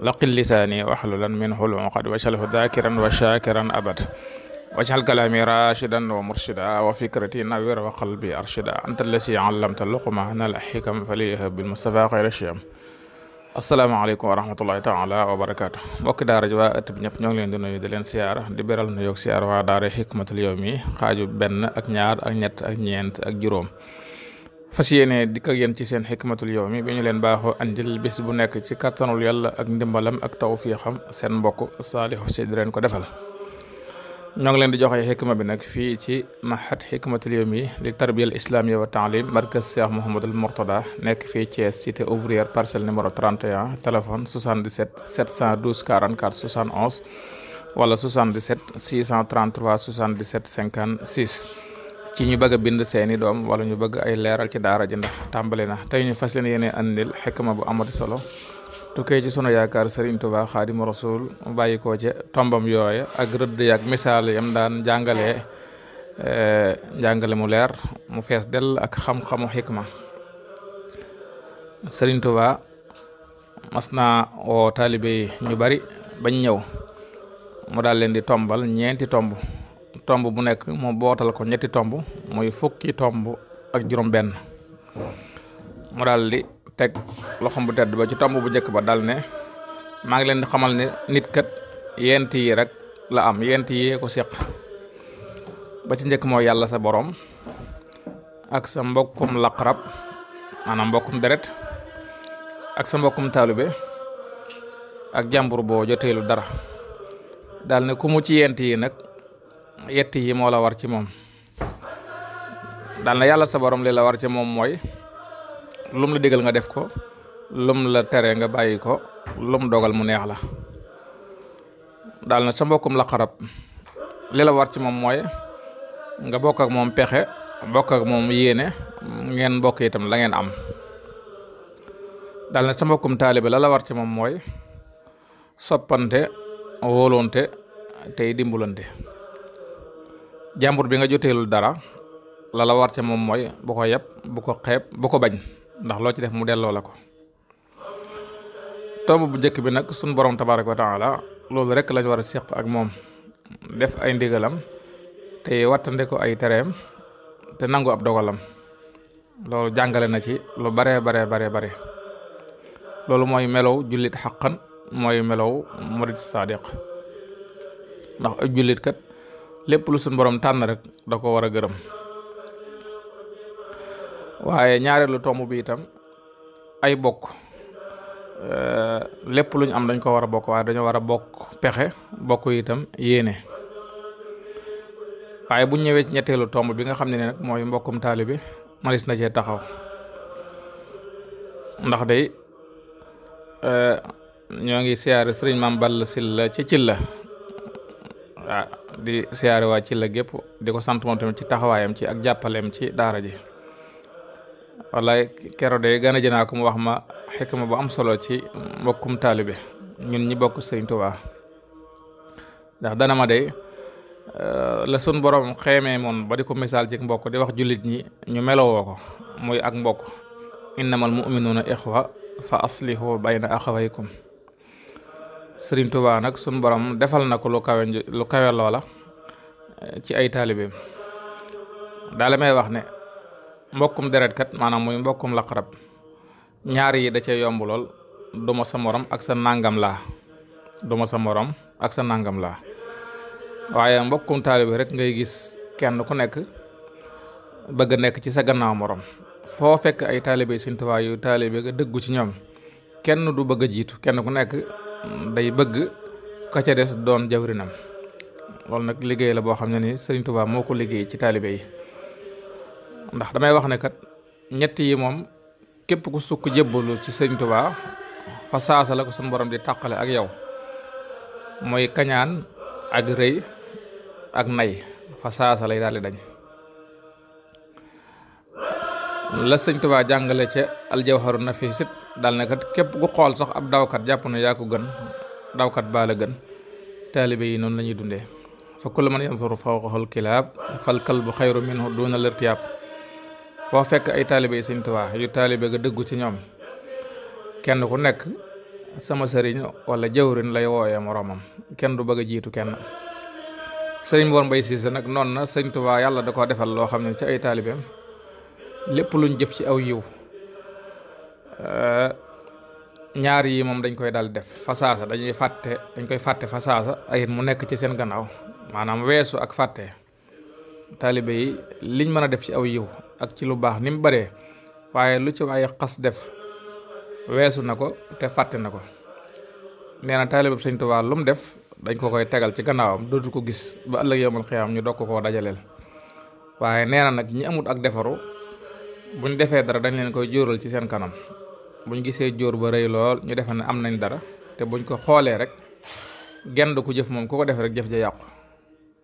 laqil lisaani waxlulan min hul uqad waj'alhu dhaakiran wa shaakiran abad waj'al kalaami raashidan wa murshida wa fikrati nawwir wa qalbi arshida anta allasi allamta mustafa xayra shiyam asalaamaaleykum wa rahmatullahi taala wa barakaatu mbokki daara ji waa bi ñëpp ñoo ngi leen di nuyu di leen siyaar di beral nuyoog siyaar waa daara xikmatul yawmi xaaju benn ak ñaar ak ñett ak ñeent ak juróom fas yéene dikk ak yéen ci seen xikmatul yawmi bi ñu leen baaxoo andil bis bu nekk ci kattanul yàlla ak ndimbalam ak tawfiixam seen mbokk Saliou Sy di leen ko defal ñoo ngi leen di joxe xikma bi nag fii ci mahad xikmatul yawmi li tarbiyal islamiya wa taalim markaz Cheikh Mouhamadul Mourtada nekk fii Thiès cité ouvrière parcelle numéro 31 téléphone 77 712 44 71 wala 77 633 77 56 ci ñu bëgg bind seeni doom wala ñu bëgg ay leeral ci daara ji ndax tàmbali na tey ñu fas leen yéene andil ma bu amati solo tukkee ci sunu yaakaar Serigne Touba Xaadimu Rasuul bàyyi koo ci tombam yooya ak rëdd yaak misaal yam daan jàngalee jàngale eh, mu leer mu fees del ak xam-xamu xikma Serigne Touba mas naa woo taalibe yi ñu bari bañ ñëw mu daal leen di tombal ñeenti tomb tomb bu nekk mu bootal ko ñetti tomb muy fukki tomb ak juróom-benn mu daal di teg loxom bu tedd ba ci tomb bu njëkk ba dal ne maa ngi leen di xamal ne nit kat yent yi rek la am yent yi ko seq ba ci njëkk mooy yàlla sa boroom ak sa mbokkum laqarab maanaam mbokkum deret ak sa mbokkum taalube ak jàmbur boo joteelu dara daal ne ku mu ci yent yi nag yett yi moo la war ci moom daal na yàlla sa borom li la war ci moom mooy lum la digal nga def ko lum la tere nga bàyyi ko lum dogal mu neex la daal na sa mbokkum la xarab li la war ci moom mooy nga bokkak moom pexe bokk ak moom yéene ngeen bokk itam la ngeen am daal na sa mbokkum taalibe la la war ci moom mooy soppante wóolonte tey dimbalante jàmbur bi nga joteelul dara lala la war moom mooy bu ko yeb bu ko xeeb bu ko bañ ndax loo ci def mu delloo la ko tomb bu njëkk bi nag suñ borom tabaaraka wa taala loolu rek lañ war a séq ak moom def ay ndigalam te wattande ko ay tereem te nangu ab dogalam loolu jàngale na ci lu bare bare bare bare loolu mooy melow jullit xaqan mooy melow murid sadiq ndax ab jullit kat lépp lu suñ boroom tànn rek da ko war a gërëm waaye ñaareelu tomb bi itam ay bokk lépp luñ am dañ ko war a bokk waaye dañoo war a bokk pexe bokk itam yéene waaye bu ñëwee ci ñetteelu tomb bi nga xam ne nag mooy mbokkum taalibe maris na cee taxaw ndax day eh, ñoo ngi siyaare sëriñ Maam Balla Sylla ci Cilla waaw di siyaare waa ci la gépp di ko sant moom tamit ci taxawaayam ci ak jàppaleem ci daara ji wala kero de gën a jënaa ko mu wax ma ma bu am solo ci mbokkum taalibe ñun ñi bokk Sëriñ ndax dana ma de euh, la sun borom xeemee moon ba di ko misaal ci mbokk di wax jullit ñi ñu melowoo ko muy ak mbokk innamal mu'minuuna ixwa fa aslihu bayna axawaykum sëriñ Tuubaa nag sunu borom defal na ko lu kawe lu kawe loola eh, ci ay taalibeem daal may wax ne mbokkum deret kat maanaam muy mbokkum laqarab ñaar yi da cee yomb lool du ma sa morom ak sa nangam laa du sa morom ak sa nangam laa waaye mbokkum taalibe rek ngay gis kenn ku nekk bëgg nekk ci sa gannaaw morom foo fekk ay taalibe Sëriñ Tuubaa yu taalibe nga dëggu ci ñoom kenn du bëgg a jiitu kenn ku nekk. day bëgg ka ca des doon jawrinam loolu nag liggéey la boo xam ne ni Serigne Touba moo ko liggéey ci taalibe yi ndax damay wax ne kat ñett yi moom képp ku sukk jébbalu ci Serigne Touba fa saasa la ko suñu borom di tàqale ak yow mooy kañaan ak rëy ak nay fa saasa lay daal di dañ la Serigne Touba jàngale ca aljawharu nafisit dal na kat képp ku xool sax ab dawkat jàpp na yaa ko gën dawkat baa la gën taalibe yi noonu la ñuy dundee fa kullu man yanzuru fawqahul kilaab fal kalbu xayru minhu duna lirtiyaab foo fekk ay taalibe yi Sëñ yu taalibe ga dëggu ci ñoom kenn ku nekk sama sëriñ wala jëwrin lay wooyee moroomam kenn du bëgg a jiitu kenn sëriñ Mor mbay Cissé nag noonu na Sëñ Tuubaa yàlla da ko defal loo xam ne ci ay taalibeem lépp luñ jëf ci aw yiw Euh, ñaar yi moom dañ koy dal def fasaasa dañuy fàtte dañ koy fàtte fasaasa ay mu nekk ci seen gannaaw maanaam weesu ak fàtte taalibe yi liñ mën a def ci aw yiw ak ci lu baax ni mu baree waaye lu ci waaye xas def weesu na ko te fàtte na ko nee na taalibe bi sëñ Tuubaa lu mu def dañ ko koy tegal ci gannaawam dootu ko gis ba ëllëg yawmal xiyaam ñu dog ko koo dajaleel waaye nee na nag ñi amut ak defaru buñ defee dara dañ leen koy jóoral ci seen kanam buñ gisee jóor ba rëy lool ñu defe ne am nañ dara te buñ ko xoolee rek gend ku jëf moom ku ko def rek jëf ja yàqu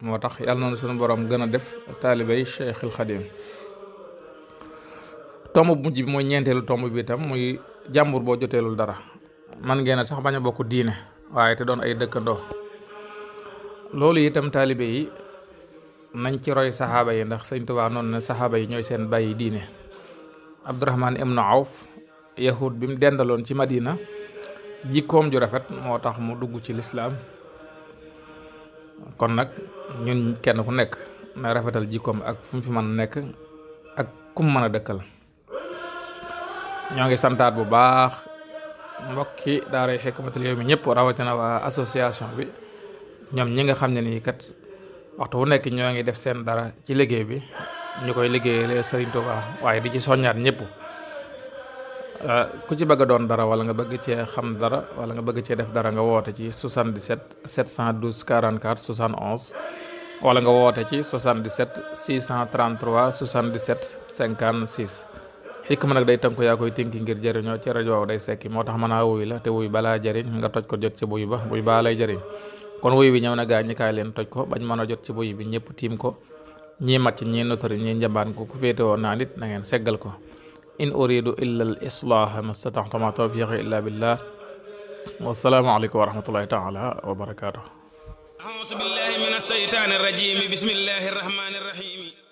moo tax yàlla noonu suñu borom gën a def taalibey Cheikhul Xadim tomb bu mujj bi mooy ñeenteelu tomb bi itam muy jàmbur boo joteelul dara man ngeen a sax bañ a bokk diine waaye te doon ay dëkkandoo loolu itam taalibe yi nañ ci roy saxaaba yi ndax sëñ Tuubaa noonu ne saxaaba yi ñooy seen bàyyi diine Abdurahmaan ibnu Awf yahud bi mu dendaloon ci madina jikkoom ju rafet moo tax mu dugg ci lislaam kon nag ñun kenn ku nekk na rafetal jikkoom ak fu mu fi mën a nekk ak kum mën a dëkkal ñoo ngi santaat bu baax mbokki daaray Hikmatul Yawmi ñëpp rawatina waa association bi ñoom ñi nga xam ne nii kat waxtu wu nekk ñoo ngi def seen dara ci liggéey bi ñu koy liggéeyalee Serigne Touba waaye di ci soññaat ñëpp Euh, ku ci bëgg doon dara wala nga bëgg cee xam dara wala nga bëgg cee def dara nga woote ci 77 712 44 71 wala nga woote ci 77 633 77 56. xikma nag day tënku yaa koy tinki ngir jëriñoo ci rajo waaw day sekki moo tax mën a wuy la te wuy balaa jëriñ nga toj ko jot ci buy ba buy baa lay jëriñ kon wuy bi ñëw na gaa ñi kaay leen toj ko bañ mën a jot ci buy bi ñëpp tiim ko ñii màcc ñii notari ñii njambaan ko ku féete woon naa nit na ngeen seggal ko in uridu illa al islaaha mastataxta ma tawfiqi illa billah wassalaamu aleykum wa rahmatullahi taala wa barakaatuh auzu billahi min alseytaani arrajim bismillahi arrahmani arrahim